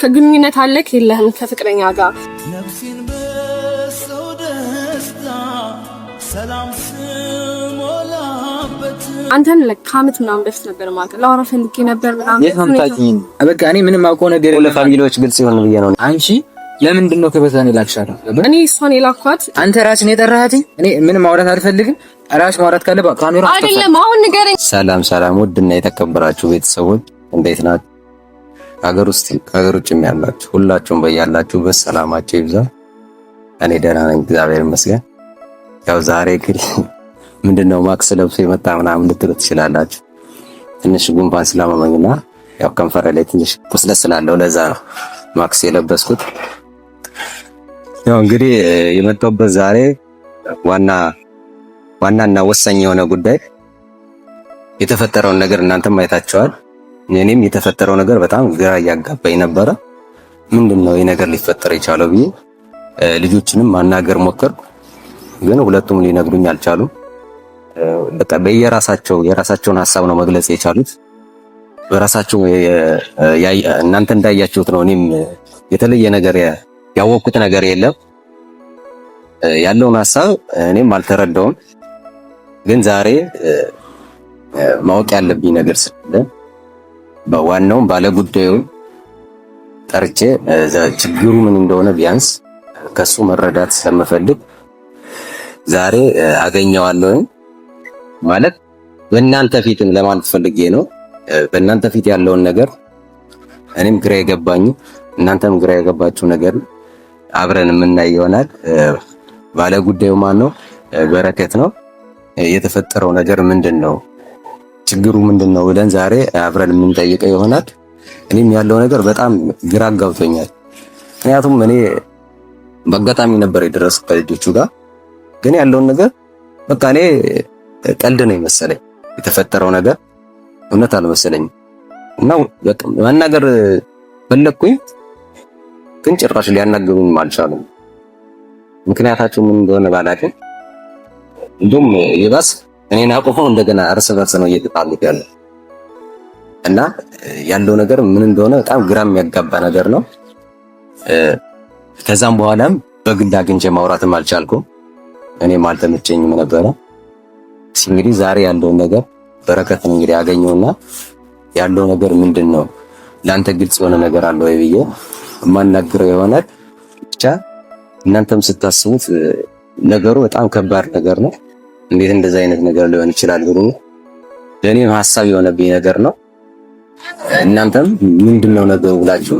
ከግንኙነት አለክ የለህም ከፍቅረኛ ጋር ነፍሴን በሰው ደስታ ሰላም ስሞላበት አንተን ከዓመት ምናምን በፊት ነበር ማለት ለአውራ ፈልጌ ነበር ምናምን በቃ እኔ ምንም አውቀው ነገር ለፋሚሊዎች ግልጽ ይሆን ብዬ ነው። አንቺ ለምንድን ነው ከበዛን የላክሻለሁ? እኔ እሷን የላኳት አንተ ራስን የጠራሃት። እኔ ምንም ማውራት አልፈልግም። ራስ ማውራት ካለ ካሜራ አይደለም። አሁን ንገረኝ። ሰላም ሰላም፣ ውድና የተከበራችሁ ቤተሰቦች እንዴት ናት? ሀገር ውስጥ ሀገር ውጭም ያላችሁ ሁላችሁም በያላችሁበት ሰላማችሁ ይብዛ። እኔ ደህና ነኝ እግዚአብሔር ይመስገን። ያው ዛሬ ግን ምንድነው ማክስ ለብሶ የመጣ ምናምን ልትሉ ትችላላችሁ። ትንሽ ጉንፋን ስላመመኝና ያው ከንፈሬ ላይ ትንሽ ቁስለት ስላለው ለዛ ነው ማክስ የለበስኩት። ያው እንግዲህ የመጣሁበት ዛሬ ዋና ዋናና ወሳኝ የሆነ ጉዳይ የተፈጠረውን ነገር እናንተም አይታችኋል። እኔም የተፈጠረው ነገር በጣም ግራ እያጋባኝ ነበረ። ምንድን ነው ይህ ነገር ሊፈጠር የቻለው ብዬ ልጆችንም ማናገር ሞከርኩ፣ ግን ሁለቱም ሊነግሩኝ አልቻሉም። በቃ በየራሳቸው የራሳቸውን ሀሳብ ነው መግለጽ የቻሉት። በራሳቸው እናንተ እንዳያችሁት ነው። እኔም የተለየ ነገር ያወቅኩት ነገር የለም። ያለውን ሀሳብ እኔም አልተረዳውም። ግን ዛሬ ማወቅ ያለብኝ ነገር ስለ ዋናውም ባለጉዳዩ ጠርቼ ችግሩ ምን እንደሆነ ቢያንስ ከሱ መረዳት ስለምፈልግ ዛሬ አገኘዋለሁ። ማለት በእናንተ ፊትም ለማለት ፈልጌ ነው። በእናንተ ፊት ያለውን ነገር እኔም ግራ የገባኝ እናንተም ግራ የገባችሁ ነገር አብረን የምናይ ይሆናል። ባለጉዳዩ ማን ነው? በረከት ነው። የተፈጠረው ነገር ምንድን ነው? ችግሩ ምንድን ነው ብለን ዛሬ አብረን የምንጠይቀው ይሆናል። እኔም ያለው ነገር በጣም ግራ አጋብቶኛል። ምክንያቱም እኔ በአጋጣሚ ነበር የደረስኩት ከልጆቹ ጋር ግን ያለውን ነገር በቃ እኔ ቀልድ ነው የመሰለኝ የተፈጠረው ነገር እውነት አልመሰለኝም እና መናገር ፈለግኩኝ ግን ጭራሽ ሊያናገሩኝም አልቻሉም። ምክንያታቸው ምን እንደሆነ ባላውቅም እንዲሁም ይባስ እኔን አቁመው እንደገና እርስ በርስ ነው እየተጣሉ ያለው እና ያለው ነገር ምን እንደሆነ በጣም ግራ የሚያጋባ ነገር ነው። ከዛም በኋላም በግል አግኝቼ ማውራትም አልቻልኩም። እኔም አልተመቸኝም ነበረ። እንግዲህ ዛሬ ያለውን ነገር በረከትን እንግዲህ ያገኘውና ያለው ነገር ምንድን ነው ለአንተ ግልጽ የሆነ ነገር አለ ወይ ብዬ የማናግረው ይሆናል። ብቻ እናንተም ስታስቡት ነገሩ በጣም ከባድ ነገር ነው። እንዴት እንደዚህ አይነት ነገር ሊሆን ይችላል ብሎ ለእኔም ሀሳብ የሆነብኝ ነገር ነው። እናንተም ምንድን ነው ነገሩ ብላችሁ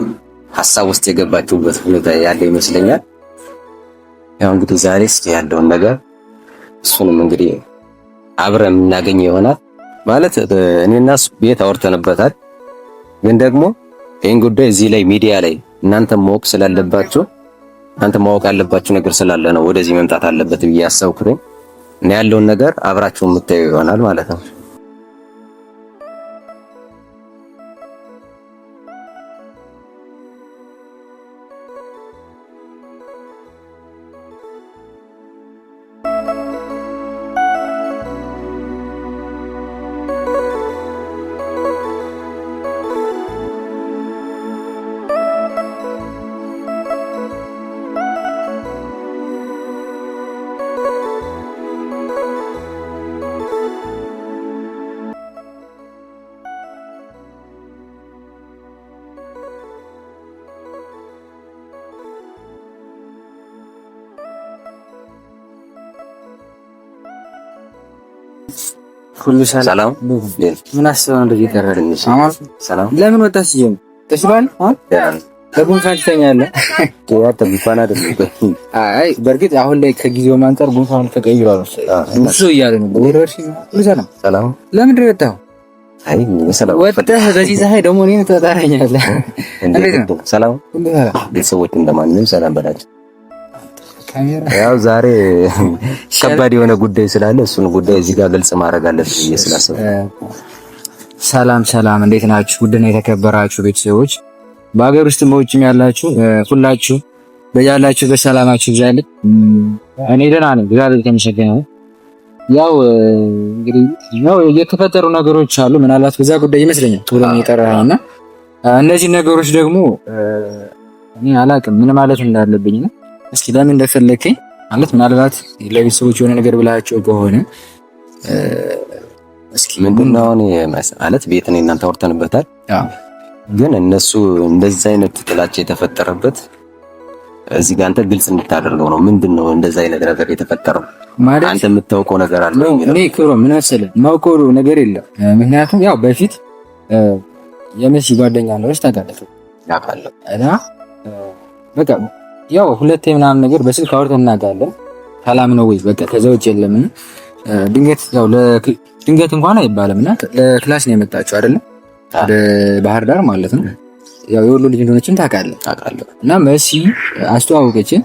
ሀሳብ ውስጥ የገባችሁበት ሁኔታ ያለ ይመስለኛል። ያው እንግዲህ ዛሬ እስኪ ያለውን ነገር እሱንም እንግዲህ አብረን የምናገኝ ይሆናል። ማለት እኔና እሱ ቤት አውርተንበታል፣ ግን ደግሞ ይህን ጉዳይ እዚህ ላይ ሚዲያ ላይ እናንተ ማወቅ ስላለባችሁ እናንተ ማወቅ ያለባችሁ ነገር ስላለ ነው ወደዚህ መምጣት አለበት ብዬ ያሰብኩት። እና ያለውን ነገር አብራችሁ የምታዩ ይሆናል ማለት ነው። ሁሉ ሰላም። ምን አስበው ነው እንደዚህ ሰላም ለምን ወጣ ሲጀም ተሽሏል። ጉንፋን ትተኛለህ? አይ በእርግጥ አሁን ላይ ከጊዜው አንጻር ጉንፋን ተቀይሯል። እሱ ነው ሰላም ሰላም። ለምንድን ነው የወጣኸው? በዚህ ፀሐይ ደግሞ እኔን ትጠራኛለህ? እንዴት ነው? ሰላም ቤተሰቦች እንደማንም ሰላም በላቸው ያው ዛሬ ከባድ የሆነ ጉዳይ ስላለ እሱን ጉዳይ እዚህ ጋር ግልጽ ማድረግ አለብን ብዬ ስላሰብኩ። ሰላም ሰላም፣ እንዴት ናችሁ? ውድና የተከበራችሁ ቤተሰቦች በሀገር ውስጥም በውጭም ያላችሁ ሁላችሁ በያላችሁ በሰላማችሁ ይብዛልኝ። እኔ ደህና ነኝ፣ እግዚአብሔር የተመሰገነ ያው እንግዲህ ነው የተፈጠሩ ነገሮች አሉ። ምናልባት በዛ ጉዳይ ይመስለኛል ቶሎ የጠራኸኝ እና እነዚህ ነገሮች ደግሞ እኔ አላቅም ምን ማለት እንዳለብኝ ነው እስኪ ለምን እንደፈለከኝ ማለት ምናልባት ለቤተሰቦች የሆነ ነገር ብላቸው ከሆነ እስኪ ምንድነው ማለት ቤት ነው እናንተ አውርተንበታል። ግን እነሱ እንደዚህ አይነት ጥላቻ የተፈጠረበት እዚህ ጋር አንተ ግልጽ እንድታደርገው ነው። ምንድነው እንደዚህ አይነት ነገር የተፈጠረው? ማለት አንተ የምታውቀው ነገር አለ? እኔ ክብሮ ምን መሰለህ የማውቀው ነገር የለም። ምክንያቱም ያው በፊት የመሲ ጓደኛ ነው ታውቃለህ እና በቃ ያው ሁለቴ ምናምን ነገር በስልክ አውርተን እናውቃለን። ሰላም ነው ወይ በቃ ከዛ ውጭ የለም። ድንገት ያው ድንገት እንኳን አይባልም እና ለክላስ ነው የመጣችው አይደለም ወደ ባህር ዳር ማለት ነው። ያው የወሎ ልጅ እንደሆነችን ታውቃለህ ታውቃለህ። እና መሲ አስተዋወቀችን።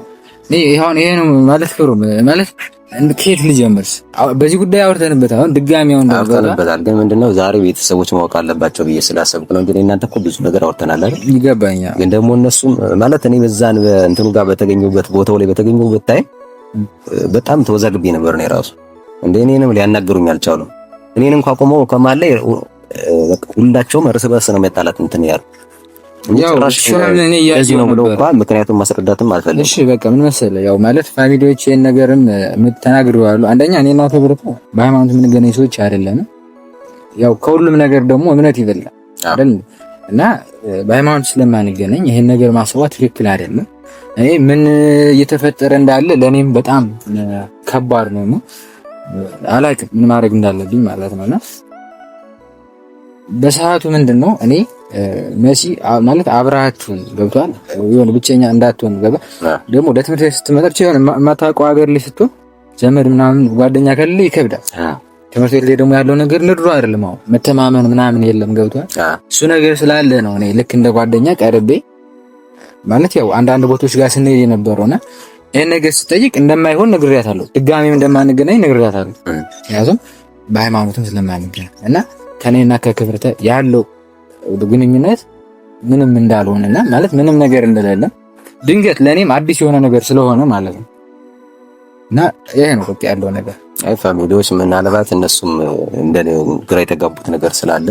ይሄ ነው ማለት ፍሩ ማለት ከየት ልጀምርስ? በዚህ ጉዳይ አውርተንበት አሁን ድጋሚ አሁን አውርተንበታል፣ ግን ምንድነው ዛሬ ቤተሰቦች ማወቅ አለባቸው ብዬ ስላሰብኩ ነው እንግዲህ እናንተ እኮ ብዙ ነገር አውርተናል አይደል? ይገባኛል። ግን ደግሞ እነሱም ማለት እኔ በዛን እንትኑ ጋር በተገኘበት ቦታው ላይ በተገኘበት ታይም በጣም ተወዛግቤ ነበር ነው የራሱ እንደ እኔንም ሊያናገሩኝ አልቻሉም። እኔን እንኳን ቆመው ከማለ ሁላቸውም እርስ በርስ ነው መጣላት እንትን ያሉ እዚህ ነው ብሎ እንኳን ምክንያቱም ማስረዳትም አልፈልግም። እሺ በቃ ምን መሰለህ፣ ያው ማለት ፋሚሊዎች ይሄን ነገርም ተናግረዋል። አንደኛ እኔ እና አንተ በሃይማኖት የምንገናኝ ሰዎች አይደለንም። ያው ከሁሉም ነገር ደግሞ እምነት ይበላል አይደል? እና በሃይማኖት ስለማንገናኝ ይሄን ነገር ማሰቧ ትክክል አይደለም። እኔ ምን እየተፈጠረ እንዳለ ለእኔም በጣም ከባድ ነው። አላውቅም ምን ማድረግ እንዳለብኝ ማለት ነውና በሰዓቱ ምንድን ነው እኔ መሲ ማለት አብረሃችሁን ገብቷል የሆነ ብቸኛ እንዳትሆን ገባ። ደግሞ ለትምህርት ቤት ስትመጣ ብቻ የማታውቀው ሀገር ላይ ስትሆን ዘመድ ምናምን ጓደኛ ከሌለ ይከብዳል። ትምህርት ቤት ላይ ደግሞ ያለው ነገር ንድሮ አይደለም። አሁን መተማመን ምናምን የለም። ገብቷል። እሱ ነገር ስላለ ነው እኔ ልክ እንደ ጓደኛ ቀርቤ ማለት ያው አንዳንድ ቦታዎች ጋር ስንሄድ የነበረውና ይህን ነገር ስጠይቅ እንደማይሆን ነግሬያታለሁ። ድጋሚም እንደማንገናኝ ነግሬያታለሁ። ምክንያቱም በሃይማኖትም ስለማንገናኝ እና ከኔና ከክብርተ ያለው ግንኙነት ምንም እንዳልሆነና ማለት ምንም ነገር እንደሌለ ድንገት ለእኔም አዲስ የሆነ ነገር ስለሆነ ማለት ነው። እና ይሄ ነው በቃ ያለው ነገር። አይ ፋሚሊዎች ምናልባት እነሱም እንደ ግራ የተጋቡት ነገር ስላለ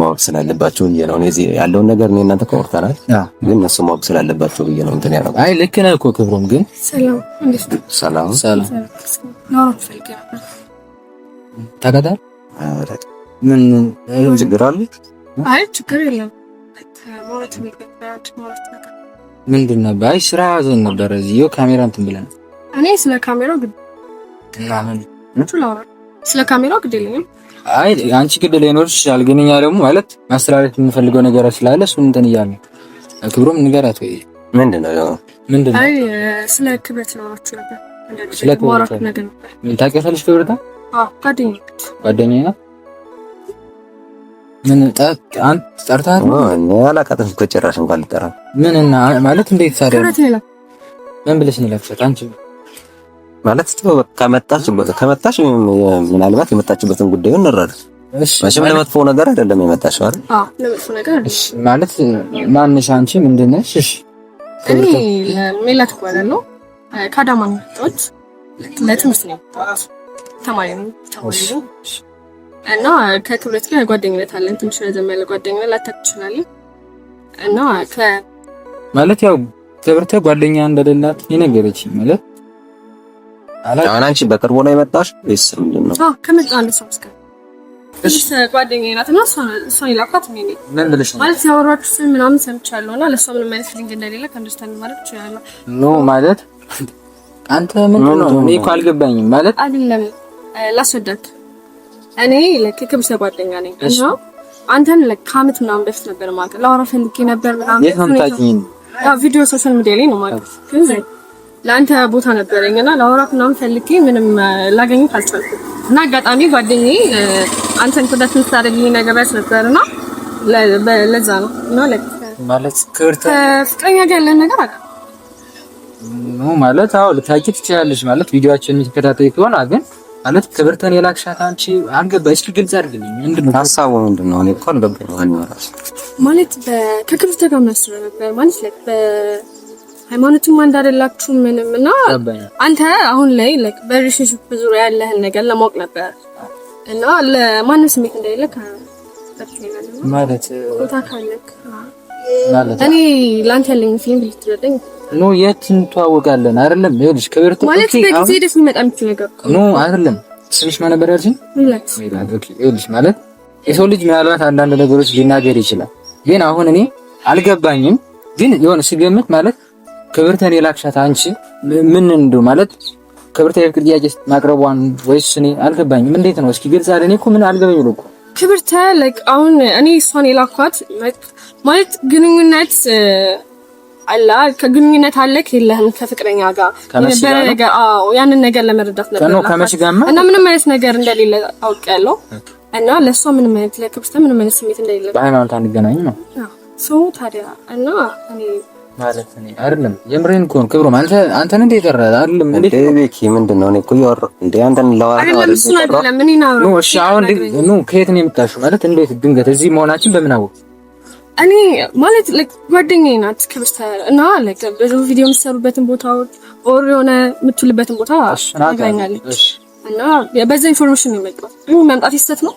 ማወቅ ስላለባቸው ብዬ ነው ያለውን ነገር እኔ እናንተ ከወርተናል፣ ግን እነሱ ማወቅ ስላለባቸው ብዬ ነው እንትን ያደረጉት። አይ ልክ ነህ እኮ ክብሩም፣ ግን ሰላም ሰላም ተከታል ምን ችግር አለ? አይ ችግር የለም። ምንድን ነበር? አይ ስራ ያዘን ነበረ እዚህ ካሜራ እንትን ብለን እኔ ስለ ካሜራው ግድ ስለ ካሜራው ግድ የለኝም። አይ አንቺ ግድ ላይኖርሽ ይችላል፣ ግን እኛ ደግሞ ማለት ማስተላለፍ የምንፈልገው ነገር ስላለ እሱን እንትን እያለ ክብሩም ንገራት ወይ ምንድን ነው ምንድን ነው? አይ ስለ ክብረት ነው ነበር። ስለ ክብረት ታውቂያታለሽ? ክብረት ጓደኛዬ ናት። ምን ጠርታት አላውቃትም እኮ ጭራሽ እንኳን ልጠራ ምን እና ማለት እንዴት ታዲያ ምን ብለሽ ነው የላክሻት አንቺ ማለት ከመጣችበት ከመጣሽ ምናልባት የመጣችበትን ጉዳዩ እንረዳለን መቼም ለመጥፎ ነገር አይደለም የመጣሽ አይደል ማለት ማንሽ አንቺ ምንድን ነሽ እሺ እኔ ሜላት እባላለሁ ከአዳማ ነው የመጣሁት ለትምህርት ነው የመጣሁት ተማሪ ነው ተማሪ ነው እና ከክብረት ጋር ጓደኝነት አለን። ትንሽ ረዘም ያለ ጓደኝነት ላታ ትችላለን። እና ማለት ያው ክብረት ጓደኛ እንደሌላት የነገረች ማለት አሁን አንቺ በቅርቡ ነው የመጣሽ ወይስ ምንድን ነው? አዎ ከመጣ አንድ ሰው እስከ እሺ ምን ማለት እንደሌለ ማለት ኖ ማለት አንተ ምንድን ነው እኔ እኮ አልገባኝም ማለት አይደለም ላስወዳት እኔ ክብስ ጓደኛ ነኝ እና አንተን ከዓመት ምናምን በፊት ነበር ማለት ለአውራ ፈልጌ ነበር ምናምን ቪዲዮ ሶሻል ሚዲያ ላይ ነው ማለት ግን ለአንተ ቦታ ነበረኝ እና ለአውራት ምናምን ፈልጌ ምንም ላገኘት አልቻልኩም እና አጋጣሚ ጓደኛዬ አንተን ኩዳት ምታደርግ ነገበት ነበር እና ለዛ ነው እና ማለት ፍቅረኛ ጋር ያለን ነገር አለ ማለት አዎ ልታውቂ ትችላለች ማለት ቪዲዮአችንን የሚከታተል ከሆነ ግን ማለት ክብርትን የላክሻት አንቺ አልገባኝ። እስኪ ግልጽ አድርግልኝ፣ ምንድን ነው ሀሳቡ? ምንድን ነው? እኔ እኮ አልገባኝ። ማለት ከክብርት ጋር ምናስበው ነበር ማለት ሃይማኖትም አንድ አይደላችሁ ምንም እና አንተ አሁን ላይ ላይክ በሪሌሽንሺፕ ዙሪያ ያለህን ነገር ለማወቅ ነበር እና ለማንም ስሜት እንደሌለ ማለት ቦታ ካለክ እኔ ላንተ ያለኝ ፊልም ልትረዳኝ ኖ የት እንተዋወቃለን? አይደለም ይኸውልሽ፣ ማለት በጊዜ የሚመጣ ነገር ኖ አይደለም። ስምሽ ማን ነበር ያልሽኝ? ይኸውልሽ ማለት የሰው ልጅ ምናልባት አንዳንድ ነገሮች ሊናገር ይችላል። ግን አሁን እኔ አልገባኝም። ግን የሆነ ስገምት ማለት ክብርተን የላክሻት አንቺ ምን እንዱ ማለት ክብርተ የፍቅር ጥያቄ ማቅረቧን ወይስ እኔ አልገባኝም። እንዴት ነው እስኪ ግልጽ አለ። እኔ እኮ ምን አልገባኝ ብሎ እኮ ክብርተ ላይክ አሁን እኔ እሷን የላኳት ማለት ግንኙነት አላ ከግንኙነት አለ የለህም ከፍቅረኛ ጋር ነገር አዎ፣ ያንን ነገር ለመረዳት ነበር እና ምንም አይነት ነገር እንደሌለ አውቄያለሁ። እና ለእሷ ምንም አይነት ለክብርተ ምንም አይነት ስሜት እንደሌለ በሃይማኖት አንገናኝ ነው። አዎ ሰው ታዲያ እና እኔ አይደለም የምሬን እኮ ነው። ክብሮም አንተ አንተን አይደለም እንዴ? ቤኪ ምንድን ነው? እኔ እኮ እያወራሁ እንዴ አንተን ለዋራ አይደለም ነው? እሺ አሁን ኑ ከየት ነው ማለት እንዴት ድንገት እዚህ መሆናችን በምን አወቅ? እኔ ማለት ላይክ ጓደኛዬ ናት ክብስታ እና ላይክ ብዙ ቪዲዮ የምትሰሩበትን ኦር የሆነ የምትውልበትን ቦታ እና በዛ ኢንፎርሜሽን ነው መምጣት ይስተት ነው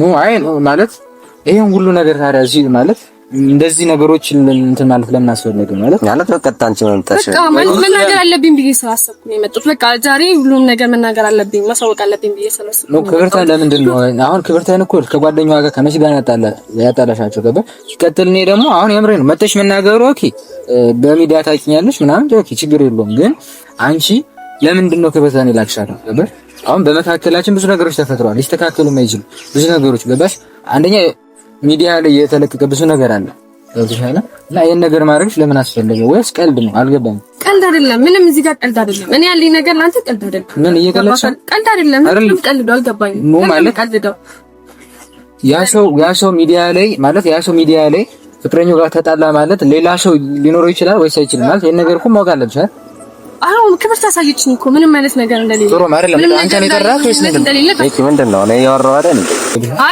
ኑ አይ ማለት ይሄን ሁሉ ነገር ታዲያ እዚህ ማለት እንደዚህ ነገሮች እንትን ማለት ለምን አስፈለገ? ማለት ማለት በቃ ታንቺ ታሽ በቃ ማለት መናገር አለብኝ ብዬ ስላሰብኩ ነው የመጡት። በቃ ዛሬ ሁሉም ነገር መናገር አለብኝ ማሳወቅ አለብኝ ብዬ ስላሰብኩ ነው። ክብርታን ለምንድን ነው አሁን ክብርታን እኮ ከጓደኛዋ ጋር ከመቼ ጋር ያጣላሻቸው? ገባሽ? ሲቀጥል እኔ ደግሞ አሁን የምሬ ነው መጥተሽ መናገሩ ኦኬ፣ በሚዲያ ታውቂኛለሽ ምናምን ኦኬ፣ ችግር የለውም ግን አንቺ ለምንድን ነው ክብርታን የላክሻለሁ? ገባሽ? አሁን በመካከላችን ብዙ ነገሮች ተፈጥሯል። ሊስተካከሉም አይችሉም ብዙ ነገሮች ገባሽ? አንደኛ ሚዲያ ላይ የተለቀቀ ብዙ ነገር አለ ገብቶሻል። እና ይሄን ነገር ማድረግሽ ለምን አስፈለገ? ወይስ ቀልድ ነው? አልገባም። ቀልድ አይደለም። ምንም እዚህ ጋር ቀልድ አይደለም። እኔ ያለኝ ነገር እናንተ ቀልድ አይደለም። ምን እየቀለድሽ? ቀልድ አይደለም። ምንም ቀልድ አልገባኝም። ምን ማለት ቀልድ ነው? ያ ሰው ያ ሰው ሚዲያ ላይ ማለት ያ ሰው ሚዲያ ላይ ፍቅረኛው ጋር ተጣላ ማለት ሌላ ሰው ሊኖረው ይችላል ወይስ አይችልም? ማለት ይሄን ነገር እኮ ማወቅ አለብሽ አይደል? አሁን ክብር ታሳየችኝ እኮ ምንም አይነት ነገር እንደሌለ ጥሩ ነው አንተ ነው ነው አይደል?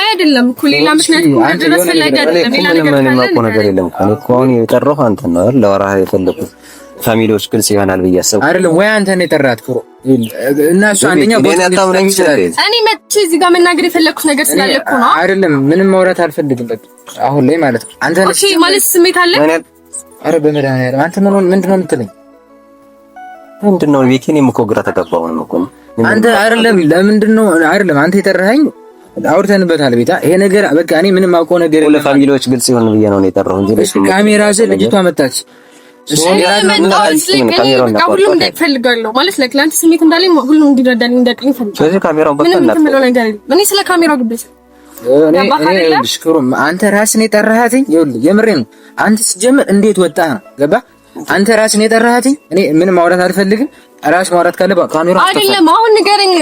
አይደለም እኮ ሌላ ምክንያት ነገር የለም እኮ እኮ አንተ ነው ፋሚሊዎች ግልጽ ይሆናል ብዬ አሰብኩ። አይደለም ወይ አንተ ነው የተራት ኩሮ እና እሱ አንደኛ ቦታ ነው ይችላል። እኔ መጥቼ እዚህ ጋር መናገር የፈለኩት ነገር ስላለ እኮ ነው። አይደለም ምንም ማውራት አልፈልግም በቃ አሁን ላይ ማለት ነው። አንተ ነህ ማለት ስሜት አለ። ኧረ በመድኃኒዓለም አንተ ምን ምንድን ነው የምትለኝ? ምንድን ነው ቤኪ? እኔም እኮ ግራ ተገባሁ ነው እኮ አንተ አይደለም። ለምንድን ነው አይደለም አንተ የጠራኸኝ? አውርተንበታል ቤታ። ይሄ ነገር በቃ እኔ ምንም አውቀው ነገር የለም። ለፋሚሊዎች ግልጽ ይሆን ብዬ ነው የጠራሁ እንጂ ካሜራ ዘ ልጅቷ መጣች። ማለት ስሜት እንዳለኝ ስለ ካሜራው አንተ ራስን የጠራሃትኝ የምሬ ነው። አንተ ሲጀምር እንዴት ወጣ ነው ገባ አንተ ራስን የጠራሃትኝ እኔ ምን ማውራት አልፈልግም። ራስ ማውራት ካለ ካሜራ አይደለም አሁን ንገረኝ።